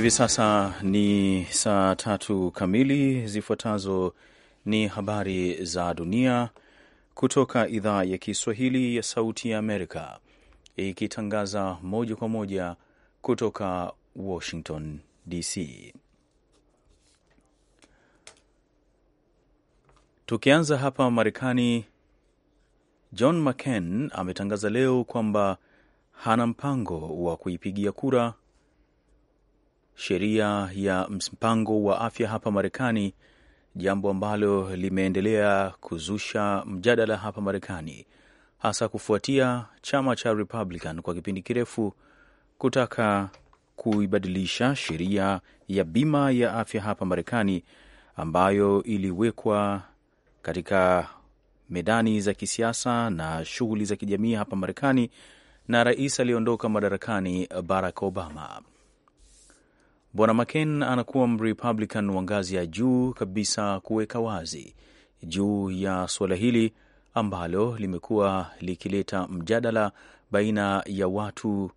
Hivi sasa ni saa tatu kamili. Zifuatazo ni habari za dunia kutoka idhaa ya Kiswahili ya Sauti ya Amerika, ikitangaza moja kwa moja kutoka Washington DC. Tukianza hapa Marekani, John McCain ametangaza leo kwamba hana mpango wa kuipigia kura sheria ya mpango wa afya hapa Marekani, jambo ambalo limeendelea kuzusha mjadala hapa Marekani, hasa kufuatia chama cha Republican kwa kipindi kirefu kutaka kuibadilisha sheria ya bima ya afya hapa Marekani ambayo iliwekwa katika medani za kisiasa na shughuli za kijamii hapa Marekani na rais aliyeondoka madarakani Barack Obama. Bwana McCain anakuwa Mrepublican wa ngazi ya juu kabisa kuweka wazi juu ya suala hili ambalo limekuwa likileta mjadala baina ya watu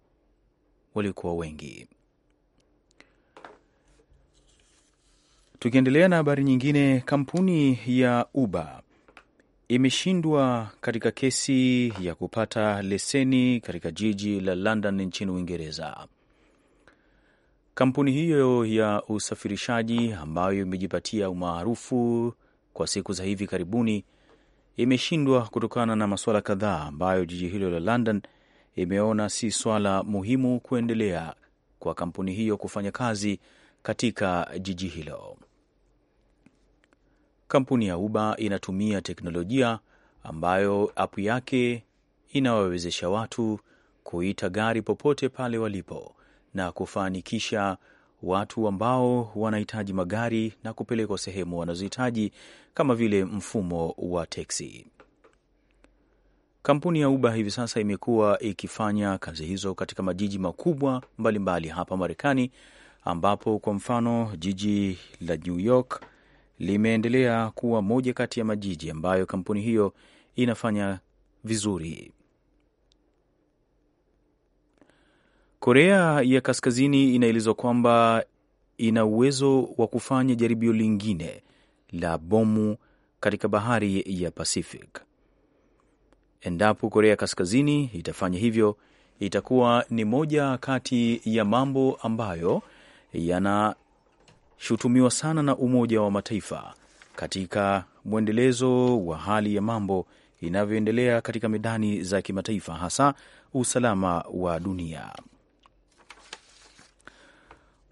waliokuwa wengi. Tukiendelea na habari nyingine, kampuni ya Uber imeshindwa katika kesi ya kupata leseni katika jiji la London nchini Uingereza. Kampuni hiyo ya usafirishaji ambayo imejipatia umaarufu kwa siku za hivi karibuni imeshindwa kutokana na masuala kadhaa ambayo jiji hilo la London imeona si swala muhimu kuendelea kwa kampuni hiyo kufanya kazi katika jiji hilo. Kampuni ya Uber inatumia teknolojia ambayo app yake inawawezesha watu kuita gari popote pale walipo na kufanikisha watu ambao wanahitaji magari na kupelekwa sehemu wanazohitaji kama vile mfumo wa teksi. Kampuni ya Uber hivi sasa imekuwa ikifanya kazi hizo katika majiji makubwa mbalimbali mbali hapa Marekani, ambapo kwa mfano jiji la New York limeendelea kuwa moja kati ya majiji ambayo kampuni hiyo inafanya vizuri. Korea ya Kaskazini inaelezwa kwamba ina uwezo wa kufanya jaribio lingine la bomu katika bahari ya Pacific. Endapo Korea Kaskazini itafanya hivyo, itakuwa ni moja kati ya mambo ambayo yanashutumiwa sana na Umoja wa Mataifa katika mwendelezo wa hali ya mambo inavyoendelea katika medani za kimataifa, hasa usalama wa dunia.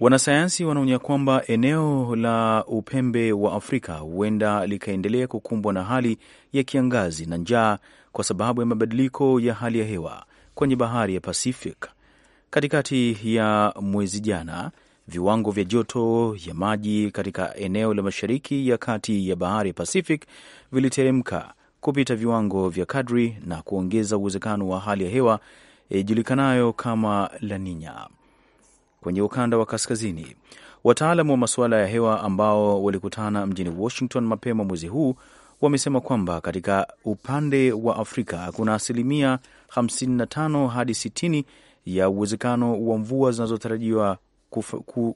Wanasayansi wanaonya kwamba eneo la upembe wa Afrika huenda likaendelea kukumbwa na hali ya kiangazi na njaa kwa sababu ya mabadiliko ya hali ya hewa kwenye bahari ya Pacific. Katikati ya mwezi jana, viwango vya joto ya maji katika eneo la mashariki ya kati ya bahari ya Pacific viliteremka kupita viwango vya kadri na kuongeza uwezekano wa hali ya hewa ijulikanayo kama La Nina kwenye ukanda wa kaskazini. Wataalamu wa masuala ya hewa ambao walikutana mjini Washington mapema mwezi huu wamesema kwamba katika upande wa Afrika kuna asilimia 55 hadi 60 ya uwezekano wa mvua zinazotarajiwa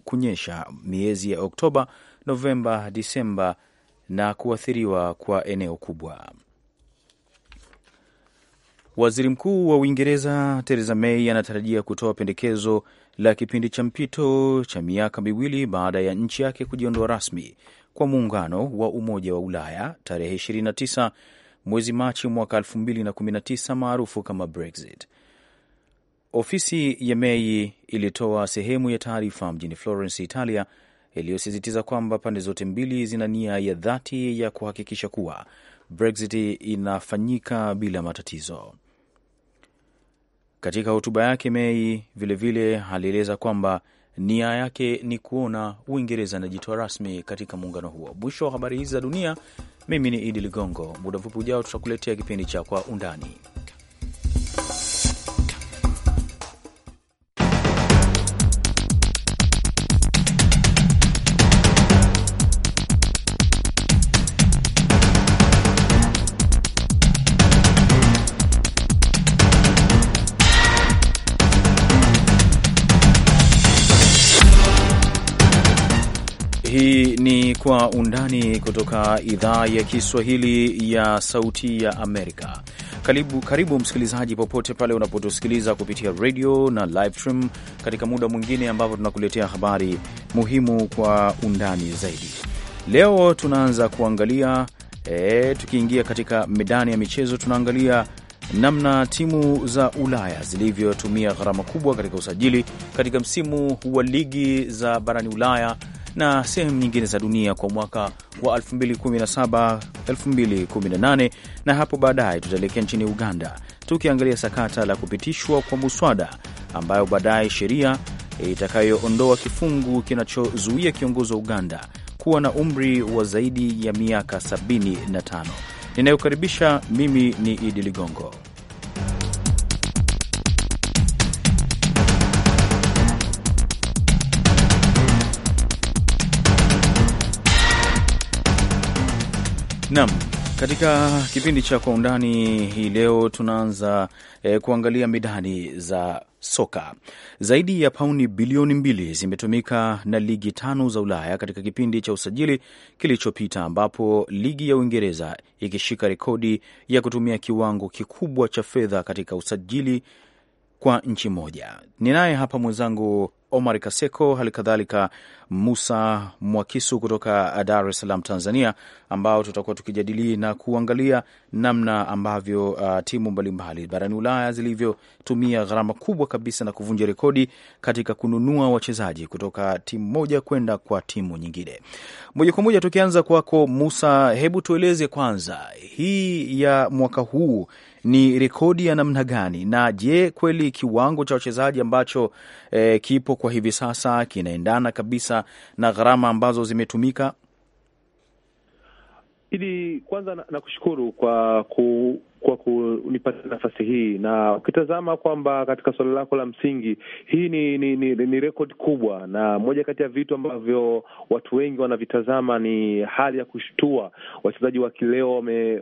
kunyesha miezi ya Oktoba, Novemba, Disemba na kuathiriwa kwa eneo kubwa. Waziri Mkuu wa Uingereza Theresa May anatarajia kutoa pendekezo la kipindi cha mpito cha miaka miwili baada ya nchi yake kujiondoa rasmi kwa muungano wa Umoja wa Ulaya tarehe 29 mwezi Machi mwaka 2019 maarufu kama Brexit. Ofisi ya Mei ilitoa sehemu ya taarifa mjini Florence, Italia, iliyosisitiza kwamba pande zote mbili zina nia ya dhati ya kuhakikisha kuwa Brexit inafanyika bila matatizo. Katika hotuba yake Mei vilevile alieleza kwamba nia yake ni kuona Uingereza anajitoa rasmi katika muungano huo. Mwisho wa habari hizi za dunia. Mimi ni Idi Ligongo. Muda mfupi ujao, tutakuletea kipindi cha Kwa Undani. Kwa Undani kutoka idhaa ya Kiswahili ya Sauti ya Amerika. Karibu, karibu msikilizaji, popote pale unapotusikiliza kupitia radio na live stream, katika muda mwingine ambapo tunakuletea habari muhimu kwa undani zaidi. Leo tunaanza kuangalia e, tukiingia katika medani ya michezo, tunaangalia namna timu za Ulaya zilivyotumia gharama kubwa katika usajili katika msimu wa ligi za barani Ulaya na sehemu nyingine za dunia kwa mwaka wa 2017 2018, na hapo baadaye tutaelekea nchini Uganda tukiangalia sakata la kupitishwa kwa muswada ambayo baadaye sheria itakayoondoa kifungu kinachozuia kiongozi wa Uganda kuwa na umri wa zaidi ya miaka 75. Ninayokaribisha mimi ni Idi Ligongo. Naam, katika kipindi cha Kwa Undani hii leo tunaanza eh, kuangalia midani za soka. Zaidi ya pauni bilioni mbili zimetumika na ligi tano za Ulaya katika kipindi cha usajili kilichopita, ambapo ligi ya Uingereza ikishika rekodi ya kutumia kiwango kikubwa cha fedha katika usajili kwa nchi moja. Ninaye hapa mwenzangu Omar Kaseko, hali kadhalika Musa Mwakisu kutoka Dar es Salaam, Tanzania, ambao tutakuwa tukijadili na kuangalia namna ambavyo uh, timu mbalimbali barani Ulaya zilivyotumia gharama kubwa kabisa na kuvunja rekodi katika kununua wachezaji kutoka timu moja kwenda kwa timu nyingine. Moja kwa moja tukianza kwako Musa, hebu tueleze kwanza hii ya mwaka huu ni rekodi ya namna gani? Na je, kweli kiwango cha wachezaji ambacho e, kipo kwa hivi sasa kinaendana kabisa na gharama ambazo zimetumika? Ili kwanza nakushukuru na kwa ku kwa kunipata nafasi hii, na ukitazama kwamba katika suala lako la msingi, hii ni ni, ni, ni rekodi kubwa, na moja kati ya vitu ambavyo watu wengi wanavitazama ni hali ya kushtua. Wachezaji wa kileo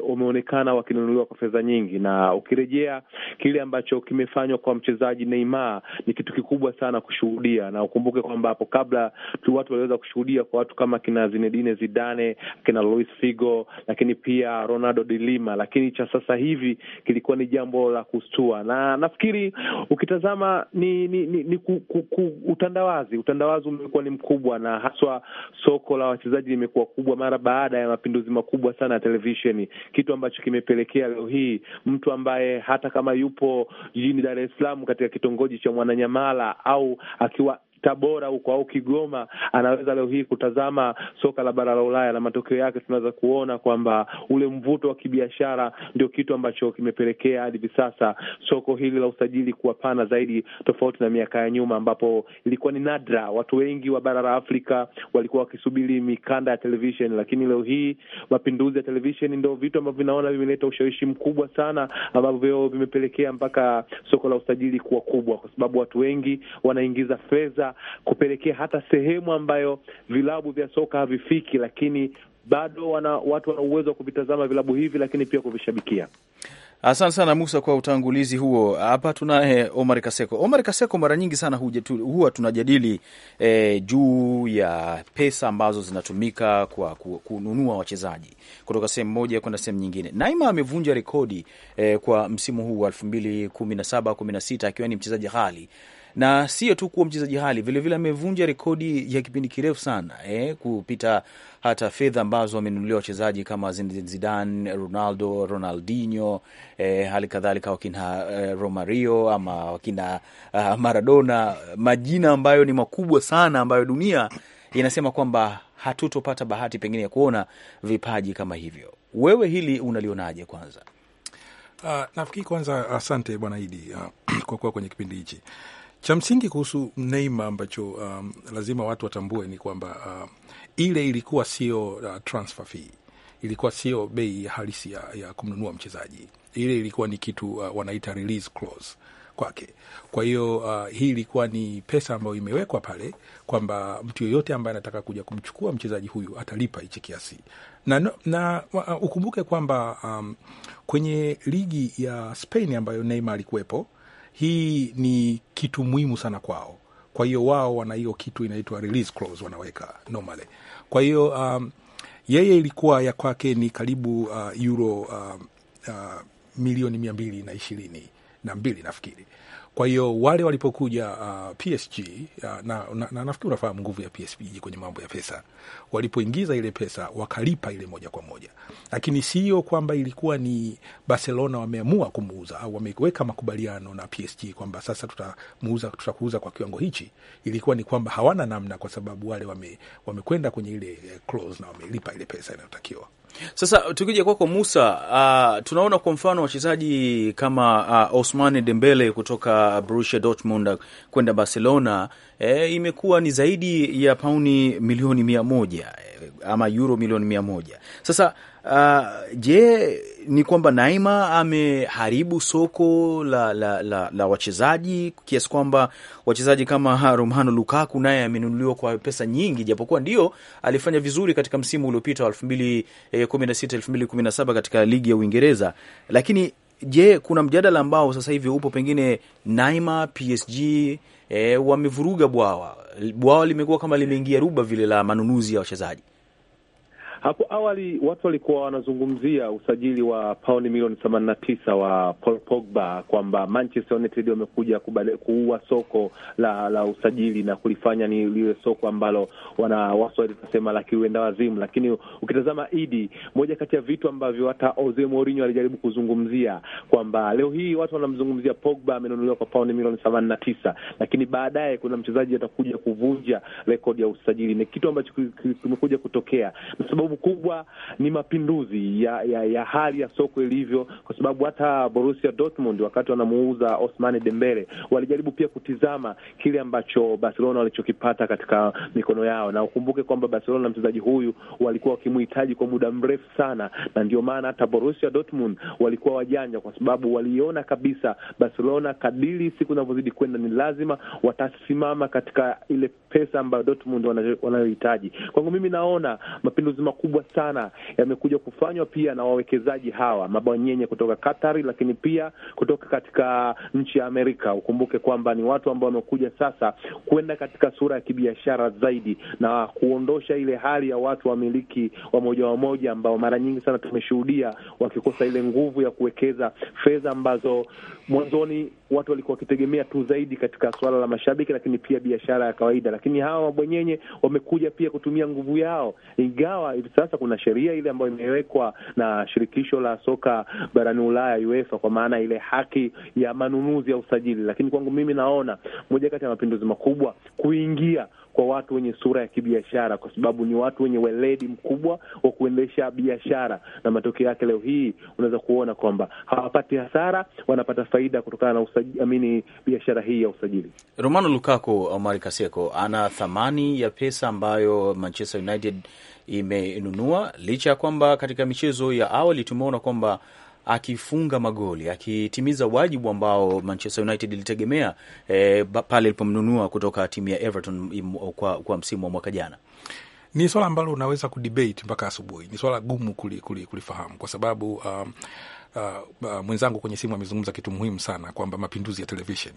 wameonekana wakinunuliwa kwa fedha nyingi, na ukirejea kile ambacho kimefanywa kwa mchezaji Neymar ni kitu kikubwa sana kushuhudia, na ukumbuke kwamba hapo kabla tu watu waliweza kushuhudia kwa watu kama kina Zinedine Zidane, kina Luis Figo, lakini pia Ronaldo de Lima, lakini cha sasa hii hivi kilikuwa ni jambo la kustua, na nafikiri ukitazama ni, ni, ni, ni ku, ku, ku, utandawazi utandawazi umekuwa ni mkubwa, na haswa soko la wachezaji limekuwa kubwa mara baada ya mapinduzi makubwa sana ya televisheni, kitu ambacho kimepelekea leo hii mtu ambaye hata kama yupo jijini Dar es Salaam katika kitongoji cha Mwananyamala au akiwa Tabora huko au Kigoma, anaweza leo hii kutazama soka la bara la Ulaya na matokeo yake tunaweza kuona kwamba ule mvuto wa kibiashara ndio kitu ambacho kimepelekea hadi hivi sasa soko hili la usajili kuwa pana zaidi, tofauti na miaka ya nyuma ambapo ilikuwa ni nadra. Watu wengi wa bara la Afrika walikuwa wakisubiri mikanda ya television, lakini leo hii mapinduzi ya television ndio vitu ambavyo vinaona vimeleta ushawishi mkubwa sana, ambavyo vimepelekea mpaka soko la usajili kuwa kubwa, kwa sababu watu wengi wanaingiza fedha kupelekea hata sehemu ambayo vilabu vya soka havifiki, lakini bado wana watu wana uwezo wa kuvitazama vilabu hivi, lakini pia kuvishabikia. Asante sana Musa kwa utangulizi huo. Hapa tunaye Omar Kaseko. Omar Kaseko, mara nyingi sana huja, tu, huwa tunajadili eh, juu ya pesa ambazo zinatumika kwa ku, kununua wachezaji kutoka sehemu moja kwenda sehemu nyingine. Naima amevunja rekodi eh, kwa msimu huu wa elfu mbili kumi na saba kumi na sita akiwa ni mchezaji ghali na sio tu kuwa mchezaji hali, vilevile amevunja rekodi ya kipindi kirefu sana eh, kupita hata fedha ambazo wamenunulia wachezaji kama Zidane, Ronaldo, Ronaldinho, eh, hali kadhalika wakina eh, Romario ama wakina uh, Maradona, majina ambayo ni makubwa sana ambayo dunia inasema kwamba hatutopata bahati pengine ya kuona vipaji kama hivyo. Wewe hili unalionaje? Kwanza uh, nafikiri kwanza, asante Bwana Idi uh, kwa kuwa kwenye kipindi hichi cha msingi kuhusu Neymar ambacho um, lazima watu watambue ni kwamba uh, ile ilikuwa sio uh, transfer fee, ilikuwa sio bei ya halisi ya, ya kumnunua mchezaji. Ile ilikuwa ni kitu uh, wanaita release clause kwake. Kwa hiyo uh, hii ilikuwa ni pesa ambayo imewekwa pale kwamba mtu yoyote ambaye anataka kuja kumchukua mchezaji huyu atalipa hichi kiasi, na, na uh, ukumbuke kwamba um, kwenye ligi ya Spain ambayo Neymar alikuwepo hii ni kitu muhimu sana kwao. Kwa hiyo wao wana hiyo kitu inaitwa release clause wanaweka normally. Kwa hiyo um, yeye ilikuwa ya kwake ni karibu uh, euro uh, uh, milioni mia mbili na ishirini na mbili nafikiri. Kwa hiyo wale walipokuja uh, PSG uh, na, na, na nafikiri unafahamu nguvu ya PSG kwenye mambo ya pesa, walipoingiza ile pesa wakalipa ile moja kwa moja, lakini sio kwamba ilikuwa ni Barcelona wameamua kumuuza au wameweka makubaliano na PSG kwamba sasa tutamuuza, tutakuuza kwa kiwango hichi. Ilikuwa ni kwamba hawana namna, kwa sababu wale wamekwenda wame kwenye ile eh, clause na wamelipa ile pesa inayotakiwa. Sasa tukija kwako Musa, uh, tunaona kwa mfano wachezaji kama uh, Ousmane Dembele kutoka Borussia Dortmund kwenda Barcelona, e, imekuwa ni zaidi ya pauni milioni mia moja eh, ama euro milioni mia moja. Sasa uh, je ni kwamba Naima ameharibu soko la, la, la, la wachezaji kiasi kwamba wachezaji kama Romano Lukaku naye amenunuliwa kwa pesa nyingi, japokuwa ndio alifanya vizuri katika msimu uliopita wa 2016 2017 eh, katika ligi ya Uingereza, lakini je, kuna mjadala ambao sasa hivi upo pengine Naima PSG e, eh, wamevuruga bwawa bwawa limekuwa kama limeingia ruba vile la manunuzi ya wachezaji hapo awali watu walikuwa wanazungumzia usajili wa pauni milioni themanini na tisa wa Paul Pogba kwamba Manchester United wamekuja kuua soko la la usajili na kulifanya ni lile soko ambalo wana Waswahili tunasema la kiuenda wazimu. Lakini ukitazama Idi, moja kati ya vitu ambavyo hata Jose Mourinho alijaribu kuzungumzia kwamba leo hii watu wanamzungumzia Pogba amenunuliwa kwa pauni milioni themanini na tisa, lakini baadaye kuna mchezaji atakuja kuvunja rekodi ya usajili. Ni kitu ambacho kimekuja kutokea kwa sababu sababu kubwa ni mapinduzi ya, ya, ya hali ya soko ilivyo, kwa sababu hata Borussia Dortmund wakati wanamuuza Osmane Dembele walijaribu pia kutizama kile ambacho Barcelona walichokipata katika mikono yao, na ukumbuke kwamba Barcelona mchezaji huyu walikuwa wakimhitaji kwa muda mrefu sana, na ndio maana hata Borussia Dortmund walikuwa wajanja, kwa sababu waliona kabisa Barcelona kadiri siku zinavyozidi kwenda ni lazima watasimama katika ile pesa ambayo Dortmund wanayohitaji. Kwangu mimi naona mapinduzi makubwa makubwa sana yamekuja kufanywa pia na wawekezaji hawa mabwanyenye kutoka Katari, lakini pia kutoka katika nchi ya Amerika. Ukumbuke kwamba ni watu ambao wamekuja sasa kwenda katika sura ya kibiashara zaidi na kuondosha ile hali ya watu wamiliki wa wa wamoja ambao mara nyingi sana tumeshuhudia wakikosa ile nguvu ya kuwekeza fedha ambazo mwanzoni watu walikuwa wakitegemea tu zaidi katika suala la mashabiki, lakini pia biashara ya kawaida. Lakini hawa mabwenyenye wamekuja pia kutumia nguvu yao, ingawa sasa kuna sheria ile ambayo imewekwa na shirikisho la soka barani Ulaya, UEFA, kwa maana ile haki ya manunuzi ya usajili. Lakini kwangu mimi naona moja kati ya mapinduzi makubwa kuingia kwa watu wenye sura ya kibiashara, kwa sababu ni watu wenye weledi mkubwa wa kuendesha biashara, na matokeo yake leo hii unaweza kuona kwamba hawapati hasara, wanapata faida kutokana na usajili, amini biashara hii ya usajili. Romano Lukaku, Omar Kaseko ana thamani ya pesa ambayo Manchester United imenunua, licha ya kwamba katika michezo ya awali tumeona kwamba akifunga magoli akitimiza wajibu ambao Manchester United ilitegemea e, pale ilipomnunua kutoka timu ya Everton kwa, kwa msimu wa mwaka jana. Ni swala ambalo unaweza kudebate mpaka asubuhi, ni swala gumu kulifahamu kuli, kuli kwa sababu um, uh, uh, mwenzangu kwenye simu amezungumza kitu muhimu sana kwamba mapinduzi ya televishen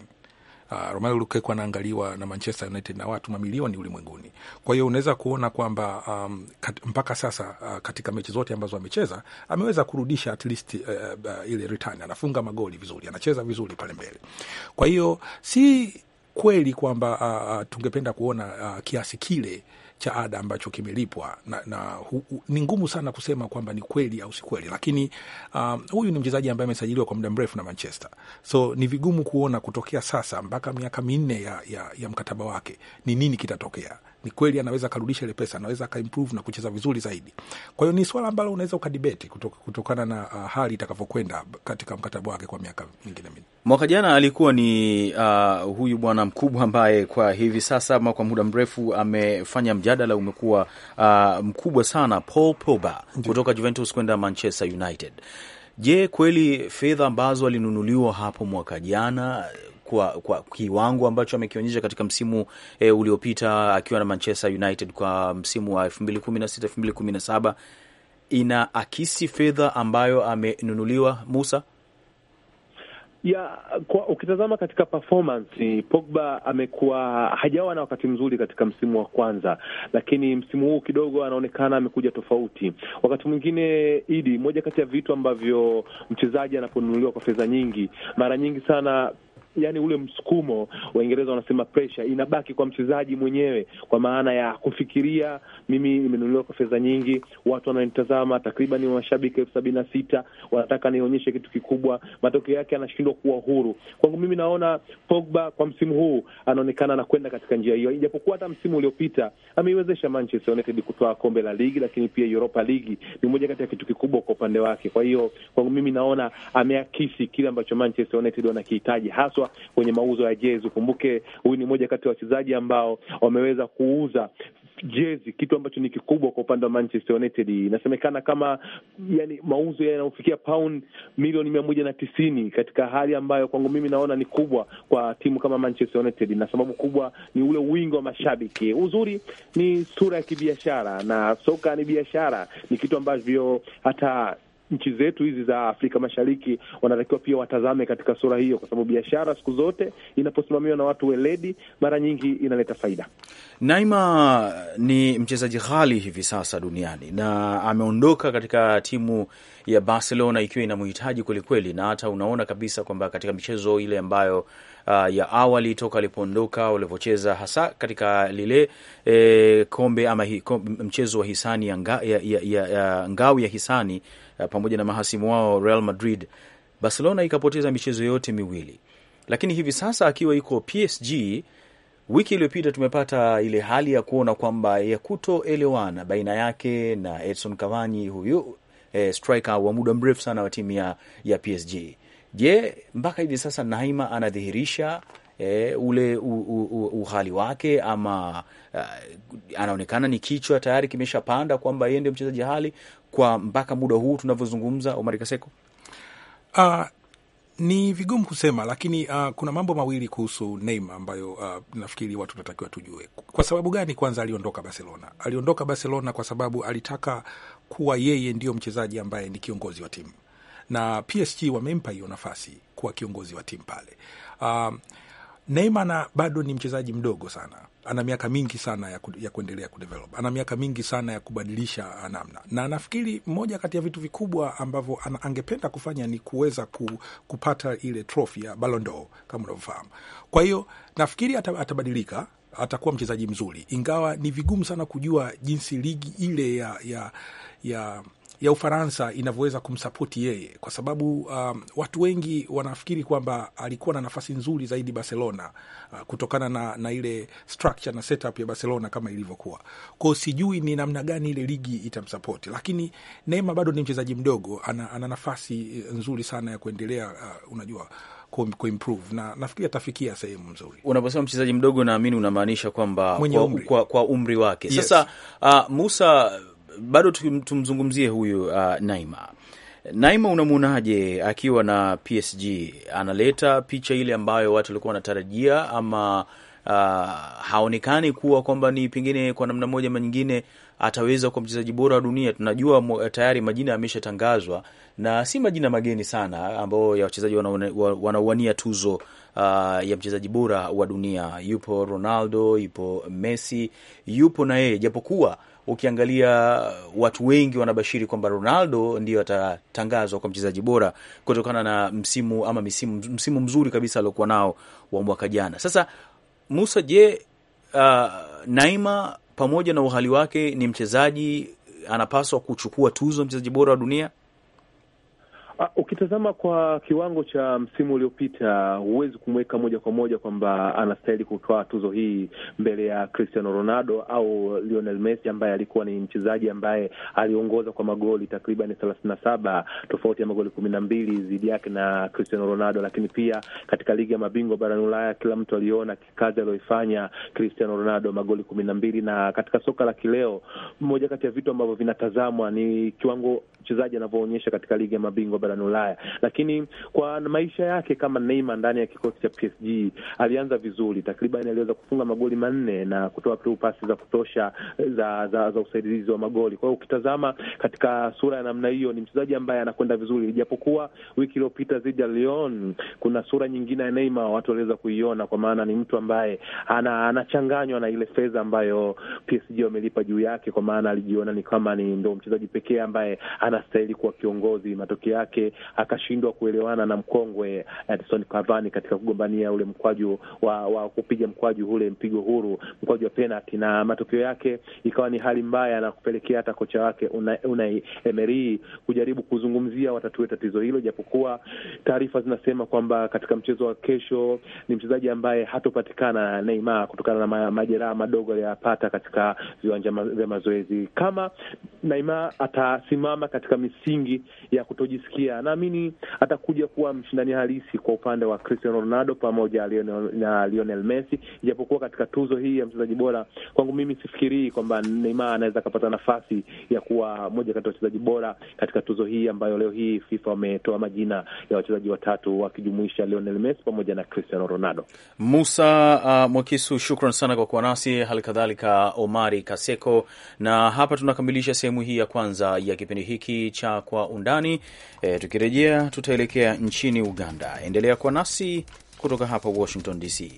uh, Romelu Lukaku anaangaliwa na Manchester United na watu mamilioni ulimwenguni. Kwa hiyo unaweza kuona kwamba um, kat, mpaka sasa uh, katika mechi zote ambazo amecheza ameweza kurudisha at least uh, uh, ile return, anafunga magoli vizuri, anacheza vizuri pale mbele. Kwa hiyo si kweli kwamba uh, tungependa kuona uh, kiasi kile cha ada ambacho kimelipwa, na, na ni ngumu sana kusema kwamba ni kweli au si kweli, lakini um, huyu ni mchezaji ambaye amesajiliwa kwa muda mrefu na Manchester, so ni vigumu kuona kutokea sasa mpaka miaka minne ya, ya, ya mkataba wake ni nini kitatokea ni kweli anaweza akarudisha ile pesa, anaweza akaimprove na kucheza vizuri zaidi. Kwa hiyo ni swala ambalo unaweza ukadibeti kutokana na uh, hali itakavyokwenda katika mkataba wake kwa miaka mingine mingi. Mwaka jana alikuwa ni uh, huyu bwana mkubwa ambaye kwa hivi sasa ama kwa muda mrefu amefanya mjadala umekuwa uh, mkubwa sana, Paul Pogba kutoka Juventus kwenda Manchester United. Je, kweli fedha ambazo alinunuliwa hapo mwaka jana kwa, kwa kiwango ambacho amekionyesha katika msimu e, uliopita akiwa na Manchester United kwa msimu wa 2016 2017 ina akisi fedha ambayo amenunuliwa Musa ya kwa, ukitazama katika performance Pogba amekuwa hajawa na wakati mzuri katika msimu wa kwanza, lakini msimu huu kidogo anaonekana amekuja tofauti. Wakati mwingine idi, moja kati ya vitu ambavyo mchezaji anaponunuliwa kwa fedha nyingi, mara nyingi sana yani ule msukumo, Waingereza wanasema pressure, inabaki kwa mchezaji mwenyewe, kwa maana ya kufikiria, mimi nimenunuliwa kwa fedha nyingi, watu wananitazama takriban mashabiki elfu sabini na sita wanataka nionyeshe kitu kikubwa, matokeo yake anashindwa kuwa huru. Kwangu mimi naona Pogba kwa msimu huu anaonekana anakwenda katika njia hiyo, ijapokuwa hata msimu uliopita ameiwezesha Manchester United kombe la ligi, lakini pia Europa ligi ni moja kati ya kitu kikubwa kwa upande wake. Kwa hiyo kwangu mimi naona ameakisi kile ambacho Manchester United wanakihitaji haswa kwenye mauzo ya jezi. Ukumbuke huyu ni mmoja kati ya wachezaji ambao wameweza kuuza jezi, kitu ambacho ni kikubwa kwa upande wa Manchester United. Inasemekana kama yani, mauzo yanayofikia pound milioni mia moja na tisini katika hali ambayo kwangu mimi naona ni kubwa kwa timu kama Manchester United, na sababu kubwa ni ule wingi wa mashabiki. Uzuri ni sura ya kibiashara, na soka ni biashara, ni kitu ambavyo hata nchi zetu hizi za Afrika Mashariki wanatakiwa pia watazame katika sura hiyo, kwa sababu biashara siku zote inaposimamiwa na watu weledi, mara nyingi inaleta faida. Naima ni mchezaji ghali hivi sasa duniani na ameondoka katika timu ya Barcelona ikiwa inamhitaji kwelikweli, na hata unaona kabisa kwamba katika michezo ile ambayo uh, ya awali toka alipoondoka, walivyocheza hasa katika lile e, kombe ama hi, kom, mchezo wa hisani ya, nga, ya, ya, ya, ya ngao ya hisani ya, uh, pamoja na mahasimu wao Real Madrid. Barcelona ikapoteza michezo yote miwili, lakini hivi sasa akiwa iko PSG wiki iliyopita tumepata ile hali ya kuona kwamba ya kutoelewana baina yake na Edson Cavani huyu e, striker wa muda mrefu sana wa timu ya, ya PSG. Je, mpaka hivi sasa Naima anadhihirisha E, ule u, u, u, uhali wake ama uh, anaonekana ni kichwa tayari kimeshapanda kwamba yeye ndio mchezaji hali kwa mpaka muda huu tunavyozungumza, Omar Kaseko? Uh, ni vigumu kusema, lakini uh, kuna mambo mawili kuhusu Neymar ambayo uh, nafikiri watu natakiwa tujue. Kwa sababu gani kwanza aliondoka Barcelona? Aliondoka Barcelona kwa sababu alitaka kuwa yeye ndiyo mchezaji ambaye ni kiongozi wa timu na PSG wamempa hiyo nafasi kuwa kiongozi wa timu pale. Um, Neymar bado ni mchezaji mdogo sana, ana miaka mingi sana ya, ku, ya kuendelea kudevelop, ana miaka mingi sana ya kubadilisha uh, namna, na nafikiri moja kati ya vitu vikubwa ambavyo angependa kufanya ni kuweza ku, kupata ile trophy ya Ballon d'Or kama unavyofahamu. Kwa hiyo nafikiri atabadilika, atakuwa mchezaji mzuri, ingawa ni vigumu sana kujua jinsi ligi ile ya, ya, ya ya Ufaransa inavyoweza kumsapoti yeye, kwa sababu um, watu wengi wanafikiri kwamba alikuwa na nafasi nzuri zaidi Barcelona uh, kutokana na, na ile structure na setup ya Barcelona kama ilivyokuwa kwao. Sijui ni namna gani ile ligi itamsapoti, lakini Neema bado ni mchezaji mdogo, ana, ana nafasi uh, nzuri sana ya kuendelea uh, unajua kuimprove na nafikiri atafikia sehemu nzuri. Unaposema mchezaji mdogo, naamini unamaanisha kwamba kwa, kwa, kwa umri wake. Yes. Sasa uh, Musa bado tumzungumzie huyu uh, Neymar. Neymar unamwonaje akiwa na PSG? Analeta picha ile ambayo watu walikuwa wanatarajia ama uh, haonekani kuwa kwamba ni pengine kwa namna moja ama nyingine ataweza kuwa mchezaji bora wa dunia. Tunajua tayari majina yameshatangazwa na si majina mageni sana ambayo ya wachezaji wanauania tuzo uh, ya mchezaji bora wa dunia. Yupo Ronaldo, yupo Messi, yupo na yeye japokuwa ukiangalia uh, watu wengi wanabashiri kwamba Ronaldo ndio atatangazwa kwa mchezaji bora kutokana na msimu ama msimu, msimu mzuri kabisa aliokuwa nao wa mwaka jana. Sasa Musa, je, uh, Neymar pamoja na uhali wake ni mchezaji anapaswa kuchukua tuzo mchezaji bora wa dunia? Ah, ukitazama kwa kiwango cha msimu uliopita, huwezi kumweka moja kwa moja kwamba anastahili kutoa tuzo hii mbele ya Cristiano Ronaldo au Lionel Messi ambaye alikuwa ni mchezaji ambaye aliongoza kwa magoli takriban thelathini na saba tofauti ya magoli kumi na mbili dhidi yake na Cristiano Ronaldo. Lakini pia katika ligi ya mabingwa barani Ulaya, kila mtu aliona kazi aliyoifanya Cristiano Ronaldo, magoli kumi na mbili. Na katika soka la kileo, moja kati ya vitu ambavyo vinatazamwa ni kiwango mchezaji anavyoonyesha katika ligi ya mabingwa barani Ulaya, lakini kwa maisha yake kama Neymar ndani ya kikosi cha PSG alianza vizuri, takriban aliweza kufunga magoli manne na kutoa tu pasi za kutosha eh, za za, za usaidizi wa magoli. Kwa hiyo ukitazama katika sura ya namna hiyo, ni mchezaji ambaye anakwenda vizuri, ijapokuwa wiki iliyopita dhidi ya Lyon kuna sura nyingine ya Neymar watu waliweza kuiona, kwa maana ni mtu ambaye anachanganywa ana na ile fedha ambayo PSG wamelipa juu yake, kwa maana alijiona ni kama ni ndo mchezaji pekee ambaye anastahili kuwa kiongozi. Matokeo yake yake akashindwa kuelewana na mkongwe Edson Cavani katika kugombania ule mkwaju wa, wa kupiga mkwaju ule mpigo huru, mkwaju wa penalti, na matokeo yake ikawa ni hali mbaya na kupelekea hata kocha wake Unai una Emery kujaribu kuzungumzia watatue tatizo hilo, japokuwa taarifa zinasema kwamba katika mchezo wa kesho ni mchezaji ambaye hatopatikana Neymar kutokana na majeraha madogo aliyopata katika viwanja vya mazoezi. Kama Neymar atasimama katika misingi ya kutojisikia pia naamini atakuja kuwa mshindani halisi kwa upande wa Cristiano Ronaldo pamoja na Lionel Messi, ijapokuwa katika tuzo hii ya mchezaji bora kwangu mimi sifikirii kwamba Neymar anaweza akapata nafasi ya kuwa moja kati ya wachezaji bora katika tuzo hii ambayo leo hii FIFA wametoa majina ya wachezaji watatu wakijumuisha Lionel Messi pamoja na Cristiano Ronaldo. Musa uh, Mwakisu, shukran sana kwa kuwa nasi, hali kadhalika Omari Kaseko, na hapa tunakamilisha sehemu hii ya kwanza ya kipindi hiki cha Kwa Undani E, tukirejea tutaelekea nchini Uganda. Endelea kuwa nasi kutoka hapa Washington DC.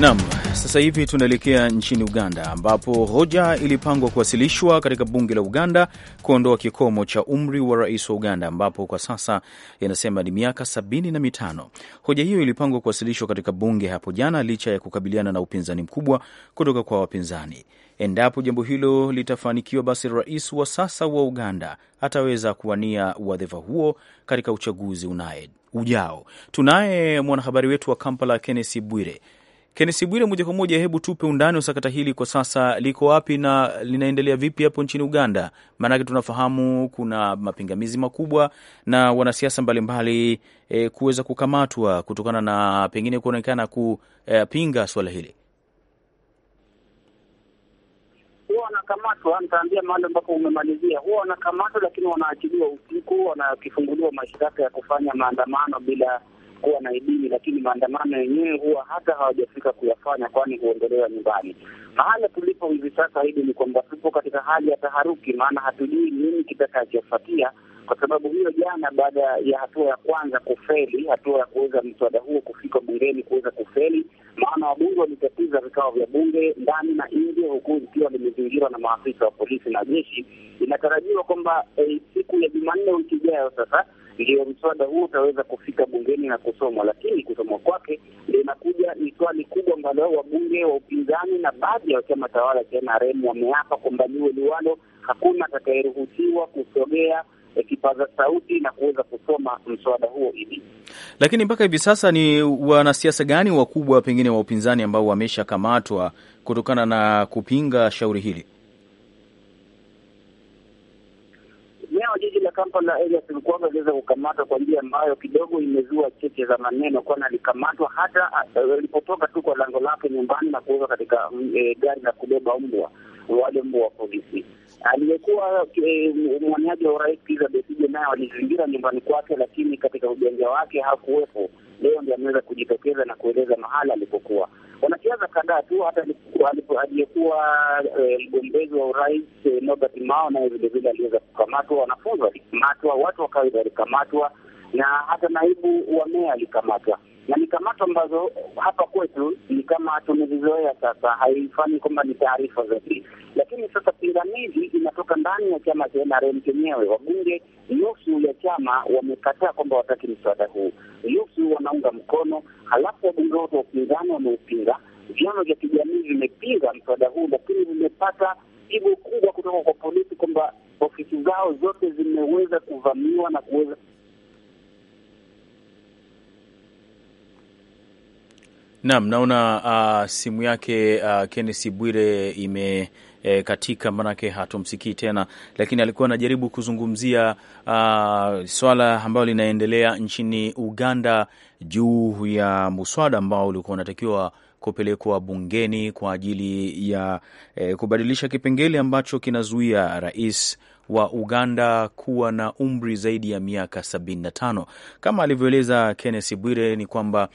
Naam. Sasa hivi tunaelekea nchini Uganda ambapo hoja ilipangwa kuwasilishwa katika bunge la Uganda kuondoa kikomo cha umri wa rais wa Uganda ambapo kwa sasa inasema ni miaka sabini na mitano. Hoja hiyo ilipangwa kuwasilishwa katika bunge hapo jana licha ya kukabiliana na upinzani mkubwa kutoka kwa wapinzani. Endapo jambo hilo litafanikiwa, basi rais wa sasa wa Uganda ataweza kuwania wadhifa huo katika uchaguzi unaye ujao. Tunaye mwanahabari wetu wa Kampala Kennesi Bwire kenesi Bwire, moja kwa moja, hebu tupe undani wa sakata hili kwa sasa liko wapi na linaendelea vipi hapo nchini Uganda? Maanake tunafahamu kuna mapingamizi makubwa na wanasiasa mbalimbali e, kuweza kukamatwa kutokana na pengine kuonekana kupinga suala hili. Huwa wanakamatwa, nitaambia mahali ambapo umemalizia. Huwa wanakamatwa, lakini wanaachiliwa usiku, wanakifunguliwa mashtaka ya kufanya maandamano bila kuwa na idini, lakini maandamano yenyewe huwa hata hawajafika kuyafanya, kwani huondolewa nyumbani. Mahala tulipo hivi sasa hivi ni kwamba tupo katika hali ya taharuki, maana hatujui nini kitakachofuatia kwa sababu hiyo, jana baada ya hatua ya kwanza kufeli, hatua ya kuweza mswada huo kufika bungeni kuweza kufeli, maana wabunge walitatiza vikao vya bunge ndani na nje, huku ikiwa limezingirwa na maafisa wa polisi na jeshi. Inatarajiwa kwamba e, siku ya Jumanne wiki ijayo sasa ndio mswada huo utaweza kufika bungeni na kusomwa, lakini kusomwa kwake ndio inakuja ni swali kubwa ambalo wabunge wa upinzani na baadhi ya chama tawala cha NRM wameapa kwamba liwe liwalo, hakuna atakayeruhusiwa kusogea eh, kipaza sauti na kuweza kusoma mswada huo hivi. Lakini mpaka hivi sasa ni wanasiasa gani wakubwa pengine wa upinzani ambao wameshakamatwa kutokana na kupinga shauri hili? Kampala Elias Lukwago aliweza kukamatwa kwa njia ambayo kidogo imezua cheche za maneno, kwani alikamatwa hata eh, alipotoka tu kwa lango lake nyumbani na kuweka katika e, gari la kubeba mbwa wale mbwa wa polisi. Aliyekuwa e, mwaniaji wa urais Kizza Besigye naye walizingira nyumbani kwake, lakini katika ujanja wake hakuwepo. Leo ndio ameweza kujitokeza na kueleza mahala alipokuwa. Wanasiasa kadhaa tu, hata aliyekuwa eh, mgombezi wa urais eh, Norbert Mao naye vilevile aliweza kukamatwa, wanafunzi walikamatwa, watu wa kawaida walikamatwa, na hata naibu wa meya alikamatwa na ni kamato ambazo hapa kwetu ni kama tumezizoea sasa, haifanyi kwamba ni taarifa zaidi. Lakini sasa pingamizi inatoka ndani ya chama cha NRM chenyewe. Wabunge nusu ya chama wamekataa kwamba wataki mswada huu, nusu wanaunga mkono, halafu wabunge wote wa upinzani wameupinga. Vyama vya kijamii vimepinga mswada huu, lakini vimepata pigo kubwa kutoka kwa polisi kwamba ofisi zao zote zimeweza kuvamiwa na kuweza Naam, naona uh, simu yake uh, Kenneth Bwire ime E, katika manake hatumsikii tena, lakini alikuwa anajaribu kuzungumzia uh, swala ambalo linaendelea nchini Uganda juu ya muswada ambao ulikuwa unatakiwa kupelekwa bungeni kwa ajili ya e, kubadilisha kipengele ambacho kinazuia rais wa Uganda kuwa na umri zaidi ya miaka tano kama alivyoeleza Kenneth Bwire ni kwamba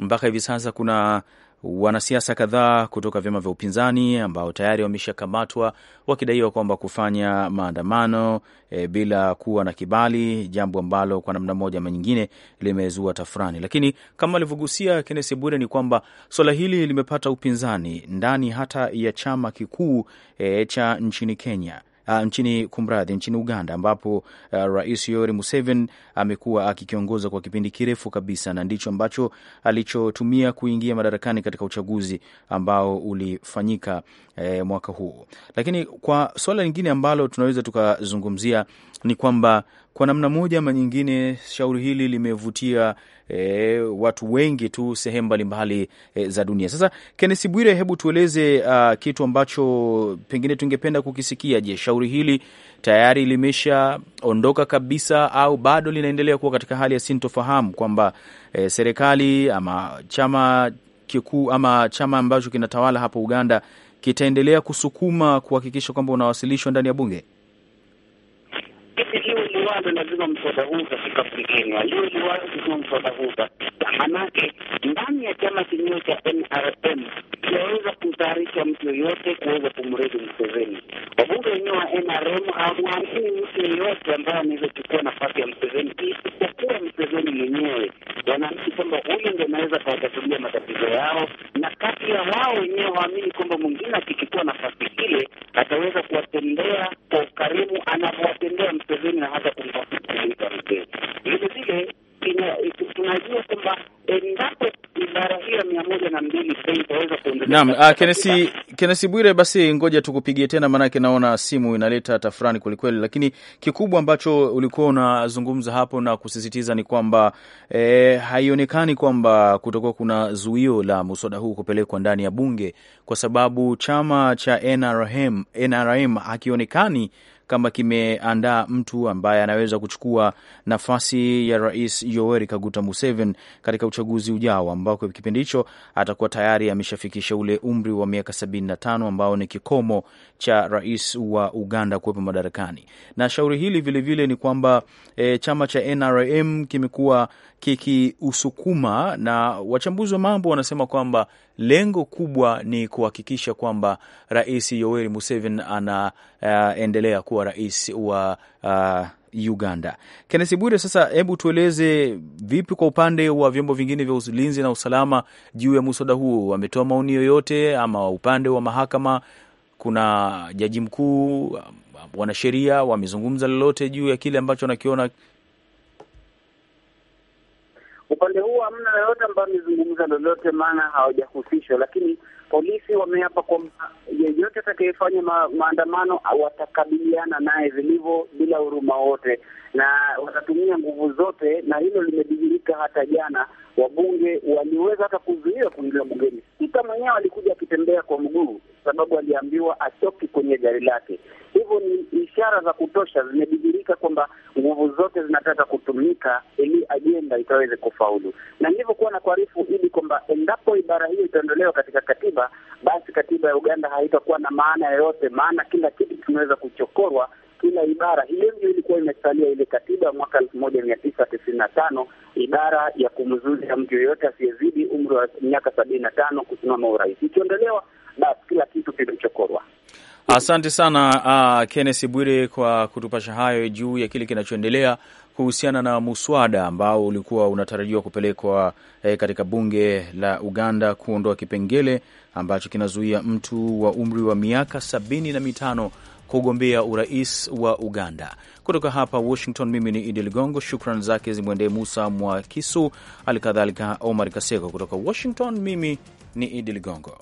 mpaka hivi sasa kuna wanasiasa kadhaa kutoka vyama vya upinzani ambao tayari wameshakamatwa wakidaiwa kwamba kufanya maandamano e, bila kuwa na kibali, jambo ambalo kwa namna moja ama nyingine limezua tafurani. Lakini kama alivyogusia Kenesi Bwire ni kwamba swala hili limepata upinzani ndani hata ya chama kikuu e, cha nchini Kenya uh, nchini kumradhi, nchini Uganda ambapo uh, Rais Yoweri Museveni amekuwa akikiongoza kwa kipindi kirefu kabisa, na ndicho ambacho alichotumia kuingia madarakani katika uchaguzi ambao ulifanyika eh, mwaka huu. Lakini kwa suala lingine ambalo tunaweza tukazungumzia ni kwamba kwa namna moja ama nyingine, shauri hili limevutia e, watu wengi tu sehemu mbalimbali e, za dunia. Sasa Kenneth Bwire, hebu tueleze a, kitu ambacho pengine tungependa kukisikia. Je, shauri hili tayari limeshaondoka kabisa au bado linaendelea kuwa katika hali ya sintofahamu kwamba e, serikali ama chama kikuu ama chama ambacho kinatawala hapo Uganda kitaendelea kusukuma kuhakikisha kwamba unawasilishwa ndani ya bunge? alikuwa lazima mswada huu katika bungeni, aliyeliwahi kuzima mswada huu kabisa. Manake ndani ya chama chenyewe cha NRM kiaweza kumtayarisha mtu yoyote kuweza kumredi Mseveni. Wabunge wenyewe wa NRM hawaamini mtu yeyote ambaye anaweza kuchukua nafasi ya Mseveni isipokuwa Mseveni mwenyewe. Wanaamini kwamba huyu ndio anaweza kawatatulia matatizo yao, na kati ya wao wenyewe waamini kwamba mwingine akichukua nafasi ile ataweza kuwatendea kwa ukarimu anavyowatendea Mseveni na hata Vilevile ah, ah, Kenesi Kenesi Bwire, basi ngoja tukupigie tena, maanake naona simu inaleta tafurani kwelikweli, lakini kikubwa ambacho ulikuwa unazungumza hapo na kusisitiza ni kwamba e, haionekani kwamba kutakuwa kuna zuio la muswada huu kupelekwa ndani ya bunge kwa sababu chama cha NRM, NRM hakionekani kama kimeandaa mtu ambaye anaweza kuchukua nafasi ya Rais Yoweri Kaguta Museveni katika uchaguzi ujao, ambako kipindi hicho atakuwa tayari ameshafikisha ule umri wa miaka 75 ambao ni kikomo cha rais wa Uganda kuwepo madarakani. Na shauri hili vilevile vile ni kwamba e, chama cha NRM kimekuwa kikiusukuma, na wachambuzi wa mambo wanasema kwamba lengo kubwa ni kuhakikisha kwamba Rais Yoweri Museveni anaendelea uh, kuwa rais wa uh, Uganda. Kenneth Bwire, sasa hebu tueleze vipi kwa upande wa vyombo vingine vya ulinzi na usalama juu ya muswada huo, wametoa maoni yoyote ama upande wa mahakama, kuna jaji mkuu, um, wanasheria wamezungumza lolote juu ya kile ambacho wanakiona upande huo hamna yoyote ambayo amezungumza lolote, maana hawajahusishwa. Lakini polisi wameapa kwamba yeyote atakayefanya ma, maandamano watakabiliana naye vilivyo bila huruma wote, na watatumia nguvu zote, na hilo limedhihirika hata jana wabunge waliweza hata kuzuia kuingia bungeni. Spika mwenyewe alikuja akitembea kwa mguu, sababu aliambiwa atoki kwenye gari lake. Hivyo ni ishara za kutosha zimedhihirika kwamba nguvu zote zinataka kutumika ili ajenda itaweze kufaulu, na nilivyokuwa na kuarifu ili kwamba endapo ibara hiyo itaondolewa katika katiba, basi katiba ya Uganda haitakuwa na maana yoyote, maana kila kitu kimeweza kuchokorwa kila ibara hiyo ndio ilikuwa imesalia ile katiba ya mwaka elfu moja mia tisa tisini na tano ibara ya kumzuia mtu yoyote asiyezidi umri wa miaka sabini na tano kusimama urais. Ikiondolewa basi kila kitu kimechokorwa Asante sana uh, Kenneth Bwire kwa kutupasha hayo juu ya kile kinachoendelea kuhusiana na muswada ambao ulikuwa unatarajiwa kupelekwa eh, katika bunge la Uganda kuondoa kipengele ambacho kinazuia mtu wa umri wa miaka sabini na mitano kugombea urais wa Uganda. Kutoka hapa Washington, mimi ni Idi Ligongo. Shukran zake zimwendee Musa Mwakisu, hali kadhalika Omar Kaseko. Kutoka Washington, mimi ni Idi Ligongo.